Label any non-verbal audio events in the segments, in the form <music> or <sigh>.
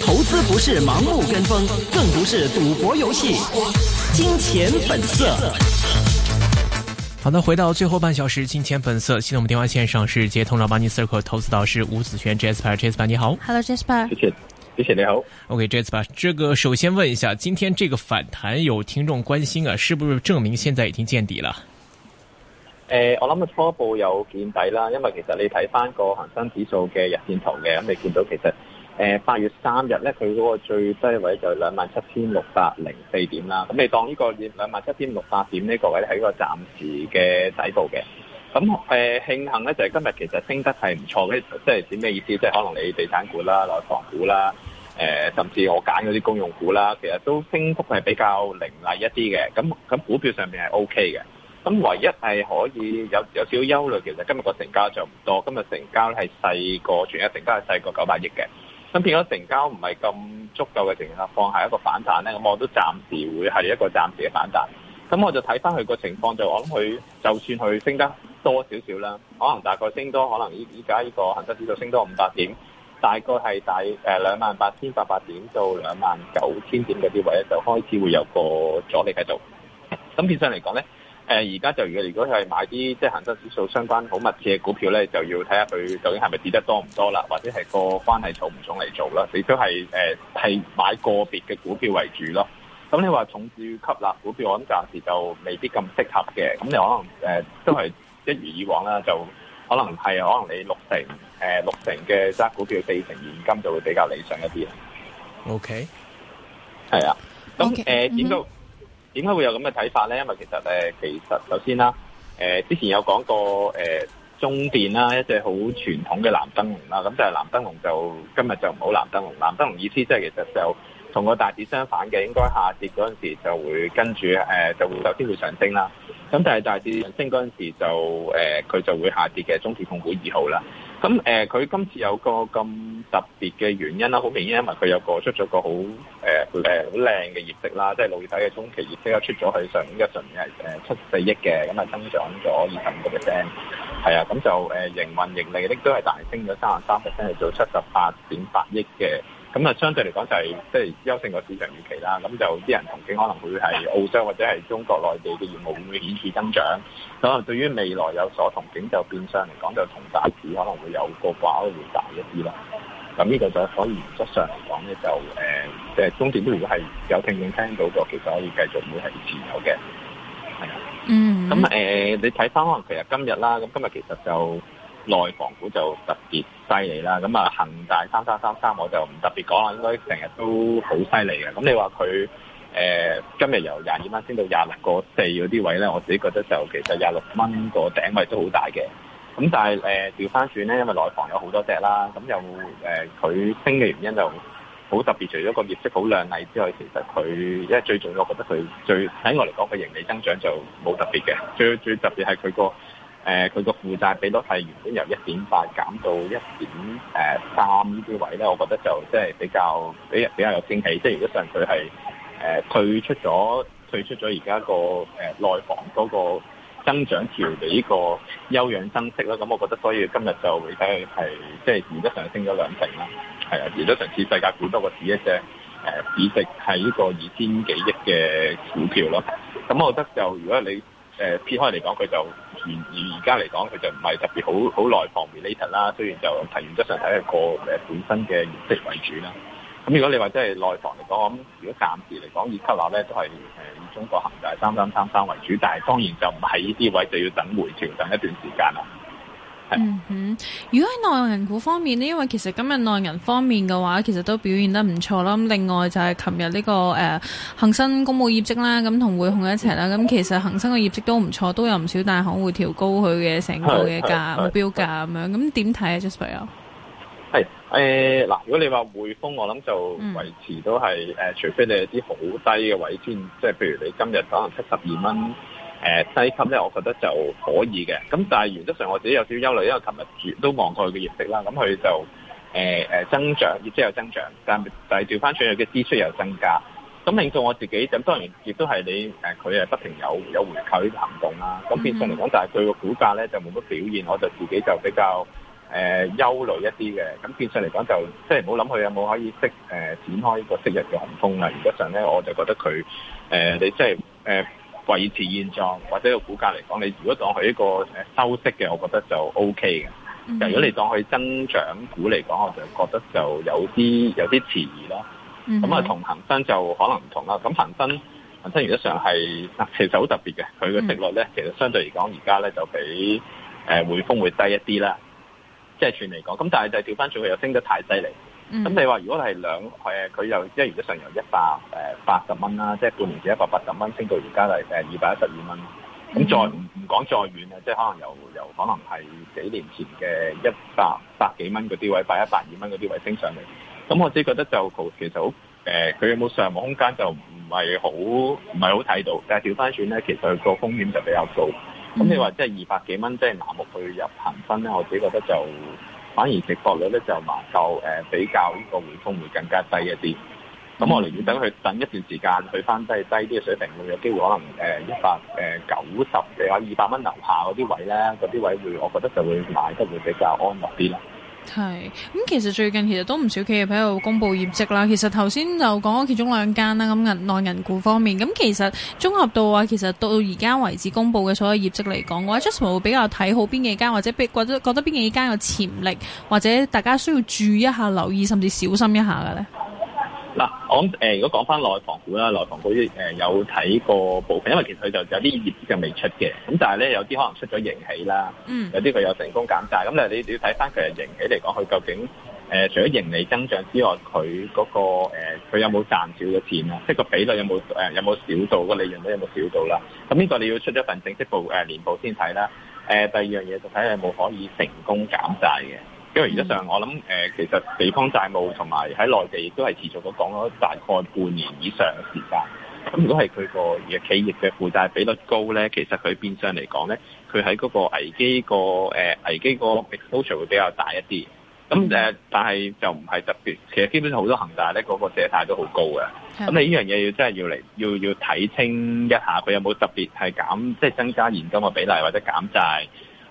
投資不是盲目跟風，更不是賭博遊戲。金錢本色。好的，回到最後半小時，《金錢本色》系統電話綫上是接通咗，money circle 投資導師吳子軒 Jasper Jasper，你好。Hello Jasper，謝謝，謝謝你好。OK Jasper，這個首先問一下，今天這個反彈有聽眾關心啊，是不是證明現在已經見底了？誒、呃，我諗啊，初步有見底啦，因為其實你睇翻個恒生指數嘅日線圖嘅，咁你見到其實誒八、呃、月三日咧，佢嗰個最低位就兩萬七千六百零四點啦，咁你當呢個兩萬七千六百點呢個位喺個暫時嘅底部嘅。咁誒，慶、呃、幸咧就係、是、今日其實升得係唔錯嘅，即係指咩意思？即係可能你地產股啦、內房股啦，誒、呃，甚至我揀嗰啲公用股啦，其實都升幅係比較凌厲一啲嘅。咁咁股票上面係 O K 嘅。咁唯一係可以有有少少憂慮，其實今日個成交就唔多，今日成交咧係細個全日成交係細過九百億嘅。咁變咗成交唔係咁足夠嘅情況下，放下一個反彈咧，咁我都暫時會係一個暫時嘅反彈。咁我就睇翻佢個情況，就我諗佢就算佢升得多少少啦，可能大概升多可能依依家呢個恒生指數升多五百點，大概係大誒兩萬八千八百點到兩萬九千點嗰啲位咧，就開始會有個阻力喺度。咁變相嚟講咧。誒而家就要，如果係買啲即係恆生指數相關好密切嘅股票咧，就要睇下佢究竟係咪跌得多唔多啦，或者係個關係重唔重嚟做啦。你都係誒係買個別嘅股票為主咯。咁你話重注吸納股票，我諗暫時就未必咁適合嘅。咁你可能誒、呃、都係一如以往啦，就可能係、啊、可能你六成誒、呃、六成嘅揸股票，四成現金就會比較理想一啲。O K，係啊。咁誒點都。Okay. Okay. 呃點解會有咁嘅睇法咧？因為其實誒，其實首先啦，誒、呃、之前有講過誒、呃、中電啦，一隻好傳統嘅藍燈籠啦，咁就係藍燈籠就今日就唔好藍燈籠。藍燈籠意思即係其實就同個大市相反嘅，應該下跌嗰陣時就會跟住誒、呃、就會首先會上升啦。咁但係大市上升嗰陣時就誒佢、呃、就會下跌嘅。中電控股二號啦。咁誒，佢、 <music> 嗯呃、今次有個咁特別嘅原因啦，好明顯，因為佢有個出咗個好誒誒好靚嘅業績啦，即係六月底嘅中期業績啊，出咗佢上年嘅純係誒七四億嘅，咁啊增長咗二十五個 percent，係啊，咁就誒、呃、營運盈利呢都係大升咗三十三 percent，係做七十八點八億嘅。咁啊，相對嚟講就係即係優勝個市場預期啦。咁就啲人憧憬可能會係澳洲或者係中國內地嘅業務會顯示增長。咁啊，對於未來有所憧憬就變相嚟講，就同大市可能會有個掛鈎會大一啲咯。咁呢個就係可以原則上嚟講咧、呃，就誒即係中電都如果係有聽見聽到咗，其實可以繼續會係持有嘅。係啊，嗯、mm。咁、hmm. 誒、呃，你睇翻可能其實今日啦，咁今日其實就。內房股就特別犀利啦，咁啊，恒大三三三三我就唔特別講啦，應該成日都好犀利嘅。咁你話佢誒今日由廿二蚊升到廿六個四嗰啲位咧，我自己覺得就其實廿六蚊個頂位都好大嘅。咁但係誒調返轉咧，因為內房有好多隻啦，咁又誒佢、呃、升嘅原因就好特別，除咗個業績好亮麗之外，其實佢因為最重要，我覺得佢最喺我嚟講佢盈利增長就冇特別嘅。最最特別係佢個。誒佢個負債比率係原本由一點八減到一點誒三呢啲位咧，我覺得就即係比較比比較有驚喜，即係如果上佢係誒退出咗退出咗而家個誒內房嗰個增長條理，呢個休養生息啦。咁我覺得所以今日就睇、就、係、是、即係而家上升咗兩成啦。係啊，而家上次世界股多市、呃、市個市一隻誒市值喺呢個二千幾億嘅股票咯。咁我覺得就如果你誒、呃、撇開嚟講，佢就而而而家嚟講，佢就唔係特別好好內房 related 啦。雖然就係原則上睇係個誒本身嘅原則為主啦。咁、嗯、如果你話即係內房嚟講，咁如果暫時嚟講，以吸納咧都係誒以中國恒大三三三三為主，但係當然就唔係呢啲位，就要等回調，等一段時間啦。嗯哼，如果喺內銀股方面呢，因為其實今日內銀方面嘅話，其實都表現得唔錯啦。咁另外就係琴日呢個誒恒、呃、生公佈業績啦，咁同匯控一齊啦。咁其實恒生嘅業績都唔錯，都有唔少大行會調高佢嘅成個嘅價目標價咁的樣。咁點睇啊，Jasper 啊？係嗱、呃，如果你話匯豐，我諗就維持都係誒，嗯、除非你有啲好低嘅位先，即係譬如你今日可能七十二蚊。嗯誒、呃、低級咧，我覺得就可以嘅。咁但係原則上我自己有少少憂慮，因為琴日都望過佢嘅業績啦。咁佢就誒誒、呃、增長，亦即係有增長，但係調翻轉去嘅支出又增加。咁令到我自己咁當然亦都係你誒佢係不停有有回購行動啦。咁變相嚟講但係佢個股價咧就冇乜表現，我就自己就比較誒、呃、憂慮一啲嘅。咁變相嚟講就即係唔好諗佢有冇可以即誒、呃、展開一個昔日嘅雄風啦。原則上咧我就覺得佢誒、呃、你、呃、即係誒。呃呃呃呃呃呃維持現狀或者個股價嚟講，你如果當佢一個誒收息嘅，我覺得就 O K 嘅。但、mm hmm. 如果你當佢增長股嚟講，我就覺得就有啲有啲遲疑啦。咁啊、mm，同、hmm. 恒生就可能唔同啦。咁恒生恒生，生原果上係嗱，其實好特別嘅，佢嘅息率咧，其實相對嚟講而家咧就比誒、呃、匯豐會低一啲啦。即係全嚟講，咁但係就調翻轉佢又升得太犀利。咁你話如果係兩誒，佢又即係如果上由一百誒八十蚊啦，即係半年至一百八十蚊升到而家係誒二百一十二蚊，咁再唔唔講再遠啦，即係可能由由可能係幾年前嘅一百百幾蚊嗰啲位，百一百二蚊嗰啲位升上嚟，咁我自己覺得就其實好誒，佢、呃、有冇上望空間就唔係好唔係好睇到，但係調翻轉咧，其實個風險就比較高。咁你話即係二百幾蚊，即係盲目去入行分咧，我自己覺得就。反而值博率咧就麻就誒比較呢、呃、個回風會更加低一啲，咁我哋要等佢等一段時間，去翻低低啲嘅水平，會有機會可能誒一百誒九十，誒二百蚊樓下嗰啲位咧，嗰啲位會，我覺得就會買得會比較安樂啲啦。係，咁、嗯、其實最近其實都唔少企業喺度公布業績啦。其實頭先就講咗其中兩間啦，咁銀行、內銀股方面，咁、嗯、其實綜合到話，其實到而家為止公布嘅所有業績嚟講嘅話，justmor 會比較睇好邊幾間，或者覺得覺得邊幾間有潛力，或者大家需要注意一下、留意，甚至小心一下嘅咧？嗱，我誒、呃、如果講翻內房股啦，內房股啲有睇過部分，因為其實佢就有啲業績就未出嘅，咁但係咧有啲可能出咗盈喜啦，嗯，mm. 有啲佢有成功減債，咁你係你要睇翻佢嘅盈喜嚟講，佢究竟誒、呃、除咗盈利增長之外，佢嗰、嗰個佢、呃、有冇賺少咗錢啊？即係個比率有冇誒有冇、呃、少到個利潤率有冇少到啦？咁呢個你要出咗份正式報誒、呃、年報先睇啦。誒、呃、第二樣嘢就睇下有冇可以成功減債嘅。因為而家上，我諗誒、呃，其實地方債務同埋喺內地亦都係持續咁講咗大概半年以上嘅時間。咁如果係佢個企業嘅負債比率高咧，其實佢變相嚟講咧，佢喺嗰個危機個誒、呃、危機個 exposure 會比較大一啲。咁誒，但係就唔係特別，其實基本上好多恒大咧嗰、嗰個借貸都好高嘅。咁你呢樣嘢要真係要嚟要要睇清一下，佢有冇特別係減即係、即係、增加現金嘅比例或者減債。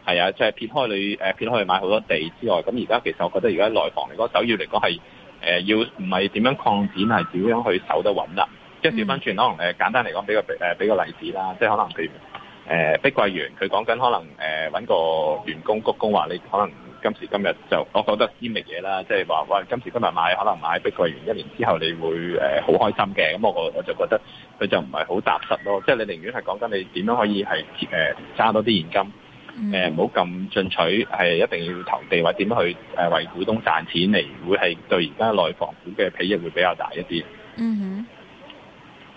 係啊，即係、就是、撇開你誒，撇開佢買好多地之外，咁而家其實我覺得而家內房嚟講，那個、首要嚟講係誒要唔係點樣擴展，係點樣去守得穩啦。即係調翻轉可能誒簡單嚟講，俾個誒俾個例子啦，即係可能佢誒、呃、碧桂園，佢講緊可能誒揾、呃、個員工鞠躬，話你可能今時今日就我覺得啲乜嘢啦，即係話喂，今時今日買可能買碧桂園一年之後你會誒好、呃、開心嘅，咁我我就覺得佢就唔係好踏實咯。即係你寧願係講緊你點樣可以係誒揸多啲現金。誒唔好咁進取，係一定要投地或者點樣去誒為股東賺錢嚟，會係對而家內房股嘅裨益會比較大一啲。嗯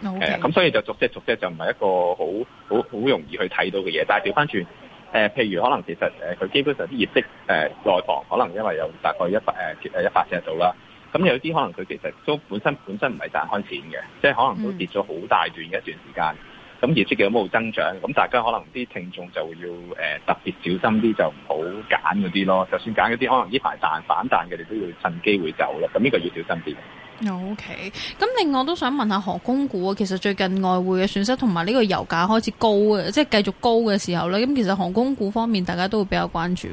哼，好、okay. 嗯。咁、嗯，所以就逐隻逐隻就唔係一個好好好容易去睇到嘅嘢。但係調翻轉，誒、嗯、譬、嗯嗯、如可能其實誒佢基本上啲業績誒、呃、內房可能因為有大概一百誒跌、呃、一百隻到啦。咁有啲可能佢其實都本身本身唔係賺開錢嘅，即係可能都跌咗好大段一段時間。嗯咁業績嘅有冇增長？咁大家可能啲聽眾就要誒、呃、特別小心啲，就唔好揀嗰啲咯。就算揀嗰啲，可能呢排彈反彈嘅，你都要趁機會走咯。咁、這、呢個要小心啲。O K。咁另外我都想問下航空股啊，其實最近外匯嘅損失同埋呢個油價開始高嘅，即係繼續高嘅時候咧，咁其實航空股方面大家都會比較關注。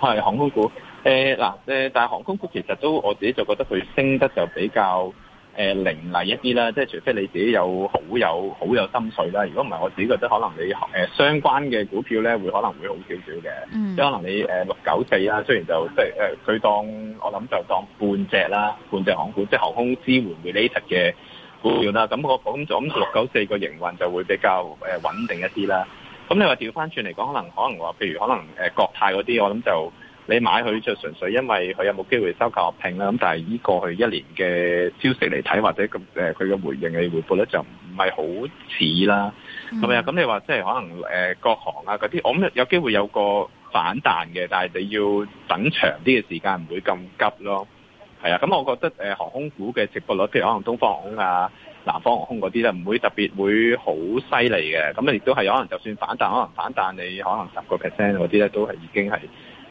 係航空股，誒嗱誒，但係航空股其實都我自己就覺得佢升得就比較。誒、呃、凌厲一啲啦，即係除非你自己有好有好有心水啦。如果唔係，我自己覺得可能你誒、呃、相關嘅股票咧，會可能會好少少嘅。嗯、即係可能你誒六九四啦，雖然就即係誒佢當我諗就當半隻啦，半隻港股即係航空支援 related 嘅股票啦。咁我咁就六九四個營運就會比較誒、呃、穩定一啲啦。咁你話調翻轉嚟講，可能可能話譬如可能誒、呃、國泰嗰啲，我諗就。你買佢就純粹因為佢有冇機會收購合併啦。咁但係依過去一年嘅消息嚟睇，或者咁誒佢嘅回應嘅回報咧，就唔係好似啦，係咪、嗯嗯、啊？咁你話即係可能誒國航啊嗰啲，我覺得有機會有個反彈嘅，但係你要等長啲嘅時間，唔會咁急咯。係啊，咁我覺得誒、呃、航空股嘅直撥率，譬如可能東方航空啊、南方航空嗰啲咧，唔會特別會好犀利嘅。咁亦都係有可能就算反彈，可能反彈你可能十個 percent 嗰啲咧，都係已經係。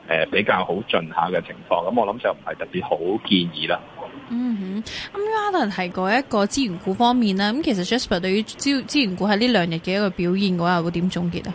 誒、呃、比較好進下嘅情況，咁我諗就唔係特別好建議啦。嗯哼，咁 Alan 係嗰一個資源股方面啦。咁其實 Jasper 對於資資源股喺呢兩日嘅一個表現嘅話，會點總結啊？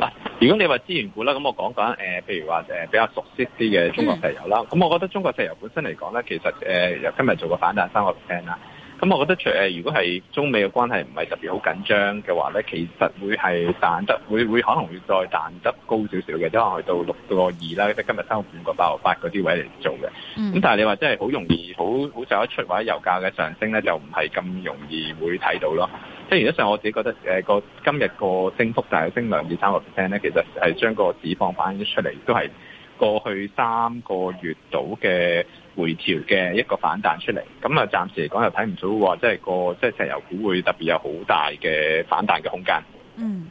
嗱，如果你話資源股啦，咁我講講誒，譬、呃、如話誒比較熟悉啲嘅中國石油啦，咁、嗯、我覺得中國石油本身嚟講咧，其實誒由、呃、今日做個反彈三個 percent 啦。咁我覺得，除誒、嗯嗯、如果係中美嘅關係唔係特別好緊張嘅話咧，其實會係彈得，會會可能會再彈得高少少嘅，即係去到六個二啦，即今日三收五個八和八嗰啲位嚟做嘅。咁但係你話真係好容易，好好就一出，或者油價嘅上升咧，就唔係咁容易會睇到咯。即係如果上，我自己覺得誒個、呃、今日個升幅就係升兩至三個 percent 咧，其實係將個市況反映出嚟，都係過去三個月度嘅。回調嘅一個反彈出嚟，咁啊暫時嚟講又睇唔到話，即係個即係石油股會特別有好大嘅反彈嘅空間。嗯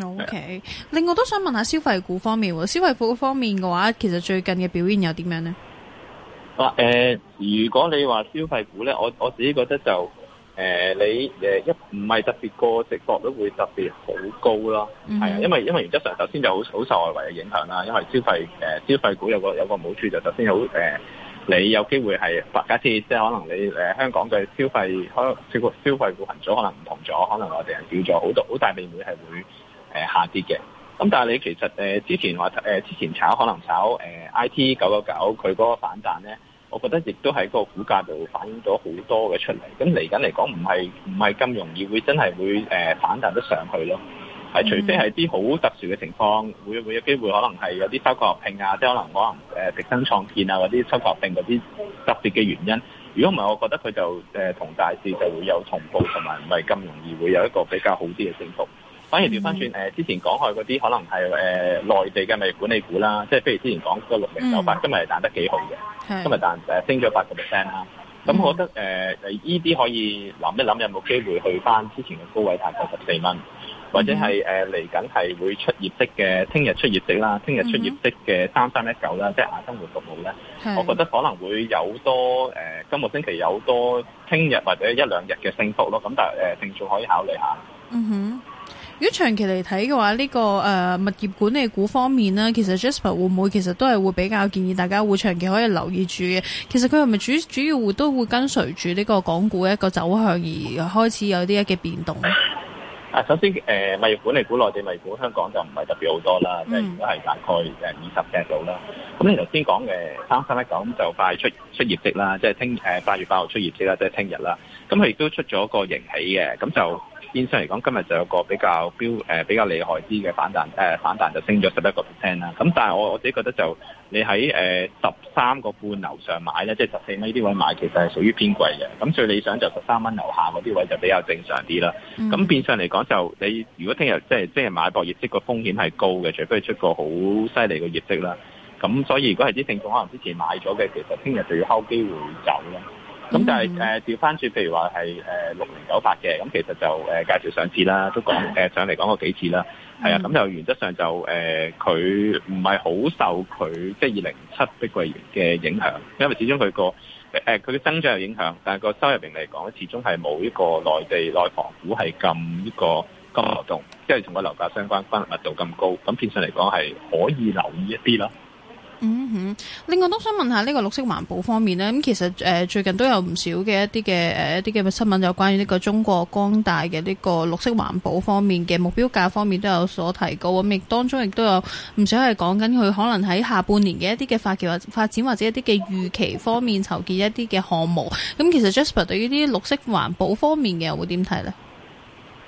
，OK，是另外我都想問下消費股方面，消費股方面嘅話，其實最近嘅表現有啲咩呢？好啦，啊呃，如果你話消費股咧，我我自己覺得就。誒、呃、你誒一唔係特別個直覺都會特別好高咯，係啊、mm hmm.，因為因為原則上首先就好好受外圍嘅影響啦，因為消費誒、呃、消費股有個有個好處就首先好誒，你有機會係話假設即係可能你誒、呃、香港嘅消費消消消費股群組可能唔同咗，可能我哋係叫咗好多好大未面係會誒、呃、下跌嘅。咁但係你其實誒、呃、之前話誒、呃、之前炒可能炒誒 I T 九九九佢嗰個反彈咧。呢我覺得亦都喺個股價度反映咗好多嘅出嚟，咁嚟緊嚟講唔係唔係咁容易會真係會誒、呃、反彈得上去咯，係除非係啲好特殊嘅情況，會會有機會可能係有啲收購合併啊，即係可能可能誒迪生創建啊，嗰啲收購合併嗰啲特別嘅原因，如果唔係，我覺得佢就誒同、呃、大市就會有同步，同埋唔係咁容易會有一個比較好啲嘅升幅。反而調翻轉誒，之前講開嗰啲可能係誒、呃、內地嘅物業管理股啦，即係譬如之前講嗰六零九八，今日係彈得幾好嘅，是今日彈誒升咗八個 percent 啦。咁、嗯、哼我覺得誒誒依啲可以諗一諗有冇機會去翻之前嘅高位，彈到十四蚊，或者係誒嚟緊係會出業績嘅，聽日出業績啦，聽日出業績嘅三三一九啦，即係雅生活服務咧，是我覺得可能會有多誒、呃、今個星期有多聽日或者一兩日嘅升幅咯。咁但係誒，成、呃、數可以考慮下。嗯哼。如果長期嚟睇嘅話，呢、這個誒、呃、物業管理股方面呢，其實 Jasper 會唔會其實都係會比較建議大家會長期可以留意住嘅。其實佢係咪主主要會都會跟隨住呢個港股一個走向而開始有啲一嘅變動呢？啊，首先誒、呃、物業管理股、內地物業股香港就唔係特別好多啦，嗯、即係都係大概誒二十隻度啦。咁你頭先講嘅三三一九就快出出業績啦，即係聽誒八月八號出業績啦，即係聽日啦。咁佢亦都出咗個盈喜嘅，咁就。變相嚟講，今日就有個比較標誒、呃、比較厲害啲嘅反彈，誒、呃、反彈就升咗十一個 percent 啦。咁但係我我自己覺得就你喺誒十三個半樓上買咧，即係十四蚊呢啲位買，其實係屬於偏貴嘅。咁最理想就十三蚊樓下嗰啲位就比較正常啲啦。咁、嗯、變相嚟講就你如果聽日即係即係買博業績個風險係高嘅，除非出個好犀利嘅業績啦。咁所以如果係啲證券可能之前買咗嘅，其實聽日就要敲機會走啦。咁就係誒調翻轉，譬如話係誒六零九八嘅，咁其實就誒介紹上次啦，都講誒上嚟講過幾次啦，係啊，咁就原則上就誒佢唔係好受佢即係二零七碧桂園嘅影響，因為始終佢個誒佢嘅增長有影響，但係個收入嚟講，始終係冇依個內地內房股係咁依個咁流動，即係同個樓價相關關密度咁高，咁變相嚟講係可以留意一啲咯。嗯哼，另外都想問下呢個綠色環保方面呢，咁其實誒、呃、最近都有唔少嘅一啲嘅誒一啲嘅新聞，有關於呢個中國光大嘅呢個綠色環保方面嘅目標價方面都有所提高，咁、嗯、亦當中亦都有唔少係講緊佢可能喺下半年嘅一啲嘅發展或發展或者一啲嘅預期方面籌建一啲嘅項目，咁、嗯、其實 Jasper 對於啲綠色環保方面嘅又會點睇呢？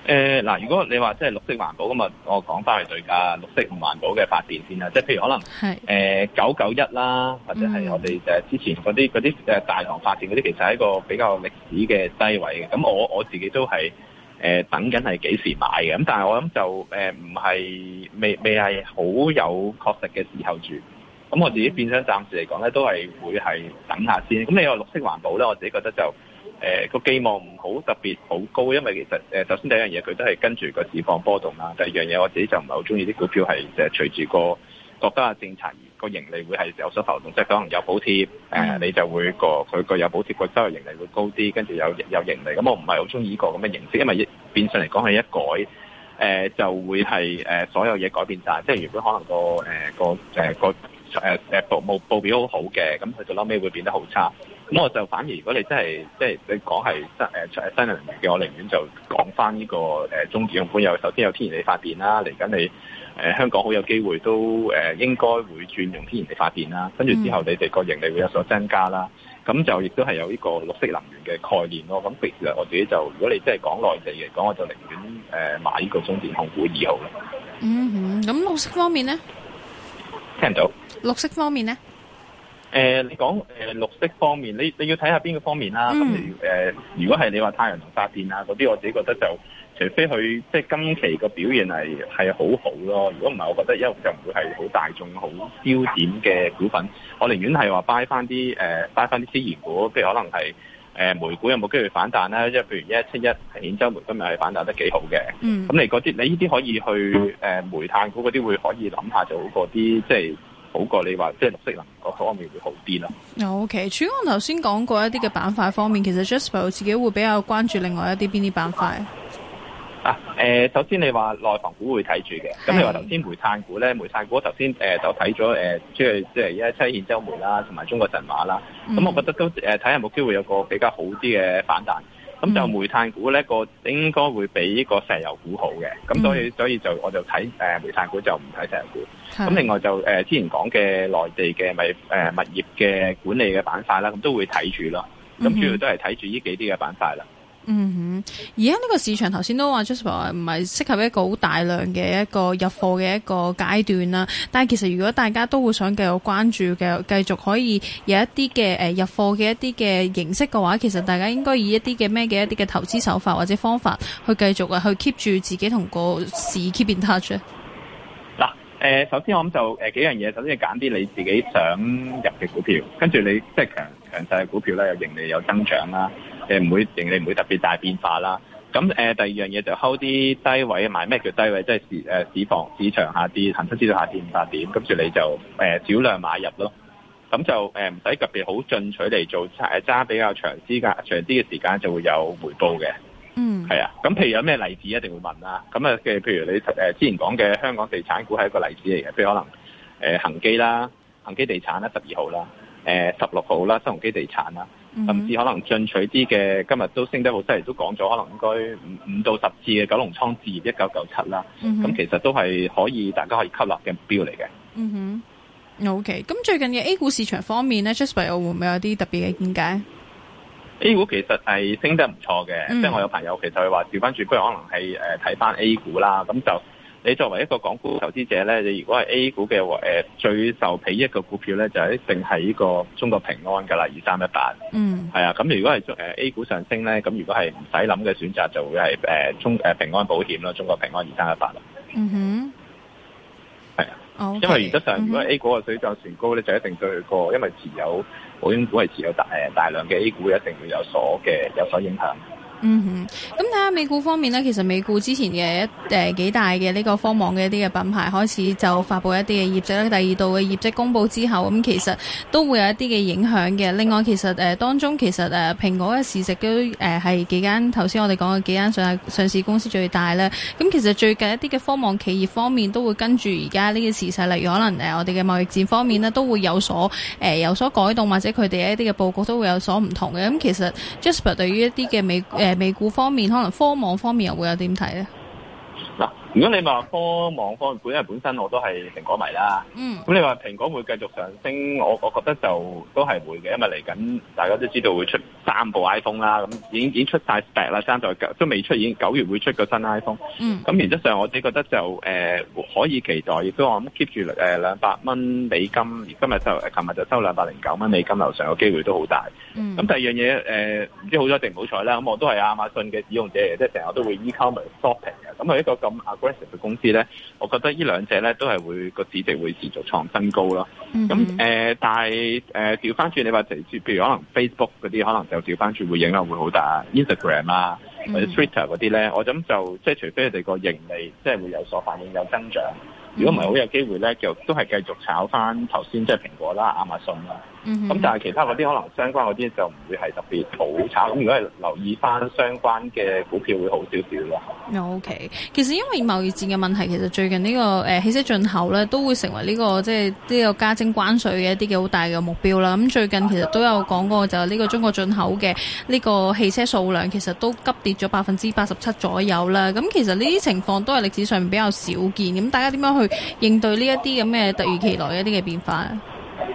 誒嗱、呃，如果你話即係綠色環保咁啊，我講翻去對價綠色唔環保嘅發電先啦。即係譬如可能誒九九一啦，或者係我哋誒之前嗰啲嗰啲誒大唐發電嗰啲，其實係一個比較歷史嘅低位嘅。咁我我自己都係誒、呃、等緊係幾時買嘅。咁但係我諗就誒唔係未未係好有確實嘅時候住。咁我自己變相暫時嚟講咧，都係會係等下先。咁你話綠色環保咧，我自己覺得就。誒個寄望唔好特別好高，因為其實誒、呃、首先第一樣嘢佢都係跟住個市況波動啦。第二樣嘢我自己就唔係好中意啲股票係誒隨住個國家政策而個盈利會係有所浮動，即係可能有補貼誒，你就會個佢個有補貼個週期盈利會高啲，跟住有有盈利。咁、嗯、我唔係好中意依個咁嘅形式，因為變相嚟講係一改誒、呃、就會係誒、呃、所有嘢改變晒。即係原本可能個誒個誒個誒誒報報表好好嘅，咁佢就撈尾會變得好差。咁我就反而，如果你真係即係你講係新誒、呃、新能源嘅，我寧願就講翻呢個誒中電控股，有首先有天然氣發電啦，嚟緊你誒、呃、香港好有機會都誒、呃、應該會轉用天然氣發電啦，跟住之後你哋個盈利會有所增加啦，咁、嗯、就亦都係有呢個綠色能源嘅概念咯。咁譬如我自己就，如果你真係講內地嚟講，我就寧願誒、呃、買呢個中電控股二號咯、嗯。嗯，咁綠色方面咧？聽唔到。綠色方面咧？誒、呃，你講誒、呃、綠色方面，你你要睇下邊個方面啦。咁你誒、呃，如果係你話太陽能發電啊嗰啲，我自己覺得就除非佢即係今期個表現係係好好咯。如果唔係，我覺得一樣就唔會係好大眾、好焦點嘅股份。我寧願係話 buy 翻啲誒翻啲資源股，譬如可能係誒、呃、煤股有冇機會反彈咧、啊？即係譬如一七一係兗州煤，今日係反彈得幾好嘅。嗯，咁你嗰啲你呢啲可以去誒、呃、煤炭股嗰啲會可以諗下，就好過啲即係。好過你話，即係綠色能源方面會好啲啦。OK，主安頭先講過一啲嘅板塊方面，其實 Jasper 自己會比較關注另外一啲邊啲板塊？啊，誒、呃，首先你話內房股會睇住嘅，咁是你話頭先煤炭股咧，煤炭股頭先誒就睇咗誒，即係即係兗州煤啦，同埋中國神華啦。咁、嗯、我覺得都誒睇下、呃、有冇機會有個比較好啲嘅反彈。咁、嗯、就煤炭股呢個應該會比呢個石油股好嘅。咁、嗯、所以所以就我就睇誒煤炭股就唔睇石油股，咁的另外就誒之前講嘅內地嘅咪誒物業嘅管理嘅板塊啦，咁都會睇住咯，咁主要都係睇住呢幾啲嘅板塊啦。嗯哼，而家呢個市場頭先都話 Joseph 唔係適合一個好大量嘅一個入貨嘅一個階段啦。但係其實如果大家都會想繼續關注嘅，繼續可以有一啲嘅誒入貨嘅一啲嘅形式嘅話，其實大家應該以一啲嘅咩嘅一啲嘅投資手法或者方法去繼續去 keep 住自己同個市 keep in touch 啊。嗱，誒、呃，首先我諗就誒、呃、幾樣嘢，首先係揀啲你自己想入嘅股票，跟住你即係強強勢嘅股票咧，有盈利有增長啦。誒唔會，盈利唔會特別大變化啦。咁、嗯、誒第二樣嘢就 hold 啲低位買。咩叫低位？即、就、係、是、市誒市房市場下跌、恒生指數下跌五百點，跟住你就誒少、呃、量買入咯。咁、嗯、就誒唔使特別好進取嚟做，誒揸比較長資格、長啲嘅時間就會有回報嘅。嗯、mm.，係啊。咁譬如有咩例子一定會問啦。咁啊嘅譬如你誒之前講嘅香港地產股係一個例子嚟嘅，譬如可能誒恆、呃、基啦、恒基地產啦、十二號啦、誒十六號啦、新鴻基地產啦。啊。嗯、甚至可能進取啲嘅，今日都升得好犀利，都講咗，可能應該五五到十次嘅九龍倉置業一九九七啦。咁、嗯、哼其實都係可以大家可以吸納嘅目標嚟嘅。嗯哼，OK。咁最近嘅 A 股市場方面咧，Justby 會唔會有啲特別嘅見解？A 股其實係升得唔錯嘅，嗯、即係我有朋友其實佢話調翻轉，不如可能係誒睇翻 A 股啦。咁就。你作為一個港股投資者咧，你如果係 A 股嘅話、呃，最受裨益嘅股票咧，就一定係呢個中國平安噶啦，二三一八。嗯，係啊，咁如果係誒 A 股上升咧，咁如果係唔使諗嘅選擇，就會係誒、呃、中誒平安保險啦，中國平安二三一八啦。嗯哼，係啊，因為原則上，如果 A 股嘅水漲船高咧，就一定對個因為持有保險股係持有大誒大量嘅 A 股，一定會有所嘅有所影響。嗯哼，咁睇下美股方面呢，其實美股之前嘅一誒幾、呃、大嘅呢、這個科網嘅一啲嘅品牌開始就發布一啲嘅業績啦，第二度嘅業績公布之後，咁、嗯、其實都會有一啲嘅影響嘅。另外，其實誒、呃、當中其實誒、呃、蘋果嘅市值都誒係、呃、幾間頭先我哋講嘅幾間上上市公司最大咧。咁、嗯、其實最近一啲嘅科網企業方面都會跟住而家呢個時勢，例如可能誒我哋嘅貿易戰方面咧，都會有所誒、呃、有所改動，或者佢哋一啲嘅佈局都會有所唔同嘅。咁、嗯、其實 Jasper 對於一啲嘅美誒。呃美股方面，可能科網方面又會有點睇咧？如果你話科網科，本來本身我都係蘋果迷啦。嗯。咁、嗯、你話蘋果會繼續上升，我我覺得就都係會嘅，因為嚟緊大家都知道會出三部 iPhone 啦。咁已經已經出晒 Spec 啦，爭在九都未出，已經九月會出個新 iPhone。咁原則上我自己覺得就誒、呃、可以期待，亦都我諗 keep 住誒兩百蚊美金，今日就琴日就收兩百零九蚊美金樓上嘅機會都好大。咁、嗯嗯嗯、第二樣嘢誒，唔知好彩定唔好彩啦。咁我都係亞馬遜嘅使用者嚟，即係成日都會依靠埋 Shopping 嘅。咁係一個咁嘅公司咧，我覺得呢兩隻咧都係會個指數會持續創新高咯。咁誒，但係誒調翻轉你話，直接，譬如可能 Facebook 嗰啲，可能就調翻轉會影響會好大，Instagram 啊或者 Twitter 嗰啲咧，我諗就即係除非佢哋個盈利即係會有所反應有增長，如果唔係，好有機會咧，就都係繼續炒翻頭先，即係蘋果啦、Amazon 啦。咁、嗯嗯、哼但係其他嗰啲可能相關嗰啲就唔會係特別好差，咁如果係留意翻相關嘅股票會好少少咯。OK，其實因為貿易戰嘅問題，其實最近呢、這個誒、呃、汽車進口咧都會成為呢、這個即係呢個加徵關稅嘅一啲嘅好大嘅目標啦。咁、嗯、最近其實都有講過就係呢個中國進口嘅呢個汽車數量其實都急跌咗百分之八十七左右啦。咁、嗯、其實呢啲情況都係歷史上比較少見。咁、嗯、大家點樣去應對呢一啲咁嘅突如其來一啲嘅變化？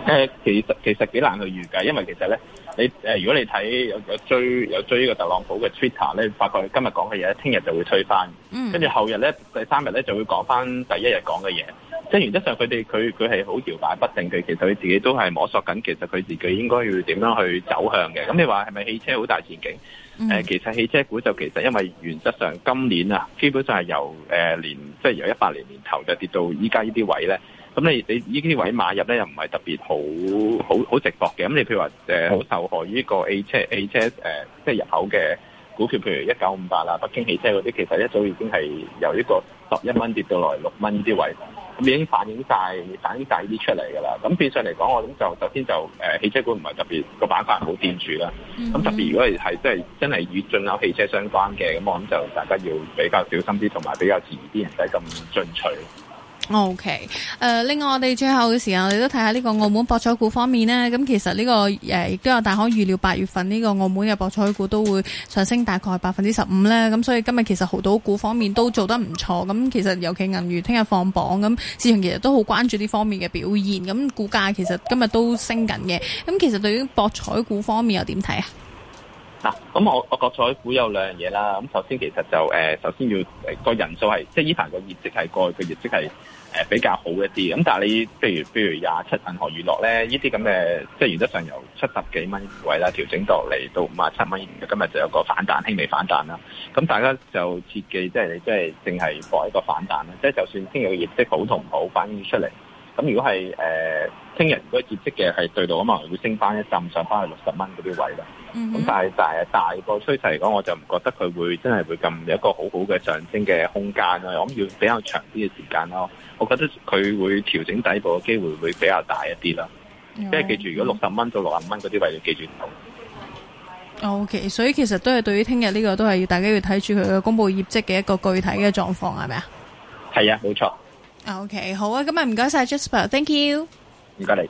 誒，其實其實幾難去預計，因為其實咧，你誒、呃，如果你睇有有追有追呢個特朗普嘅 Twitter 咧，發覺佢今日講嘅嘢，聽日就會推翻，跟住、嗯、後日咧，第三日咧就會講翻第一日講嘅嘢。即係原則上，佢哋佢佢係好搖擺不定，佢其實佢自己都係摸索緊，其實佢自己應該要點樣去走向嘅。咁你話係咪汽車好大前景？誒、嗯呃，其實汽車股就其實因為原則上今年啊，基本上係由誒、呃、年，即、就、係、是、由一八年年頭就跌到依家呢啲位咧。咁你你呢啲位買入咧又唔係特別好好好直落嘅，咁你譬如話誒好受害於一個汽車汽車誒、呃、即係入口嘅股票，譬如一九五八啦、北京汽車嗰啲，其實一早已經係由一個十一蚊跌到來六蚊呢啲位，咁已經反映晒，反映曬啲出嚟㗎啦。咁變相嚟講，我諗就首先就誒、呃、汽車股唔係特別、那個板塊好堅住啦。咁、mm hmm. 特別如果係真係真係與進口汽車相關嘅，咁我諗就大家要比較小心啲，同埋比較遲啲，唔使咁進取。O K，誒，另外我哋最後嘅時間，你都睇下呢個澳門博彩股方面呢。咁、嗯、其實呢、這個誒亦都有大行預料八月份呢、這個澳門嘅博彩股都會上升大概百分之十五咧。咁、嗯、所以今日其實濠賭股方面都做得唔錯。咁、嗯、其實尤其銀娛聽日放榜，咁、嗯、市場其實都好關注呢方面嘅表現。咁、嗯、股價其實今日都升緊嘅。咁、嗯、其實對於博彩股方面又點睇啊？嗱，咁、啊嗯、我我覺彩股有兩樣嘢啦。咁、嗯、首先其實就誒、呃，首先要個、呃、人數係，即係呢排個業績係過去嘅業績係誒、呃、比較好一啲。咁、嗯、但係你譬如譬如廿七銀河娛樂咧，呢啲咁嘅，即係原則上由七十幾蚊位啦，調整到嚟到五啊七蚊，今日就有個反彈，輕微反彈啦。咁、嗯、大家就切記，即係你即係淨係搏一個反彈啦。即係就算聽日嘅業績好同唔好反映出嚟，咁、嗯、如果係誒聽日如果業績嘅係對到啊嘛，可能會升翻一浸，上翻去六十蚊嗰啲位啦。咁、嗯、但係大啊大個趨勢嚟講，我就唔覺得佢會真係會咁有一個好好嘅上升嘅空間咯。我諗要比較長啲嘅時間咯。我覺得佢會調整底部嘅機會會比較大一啲啦。即係、嗯、哼記住，如果六十蚊到六十蚊嗰啲位要記住好。OK，所以其實都係對於聽日呢個都係要大家要睇住，佢嘅公布業績嘅一個具體嘅狀況係咪啊？係啊，冇錯。OK，好啊，咁啊唔該晒，Jasper，Thank you。唔該你。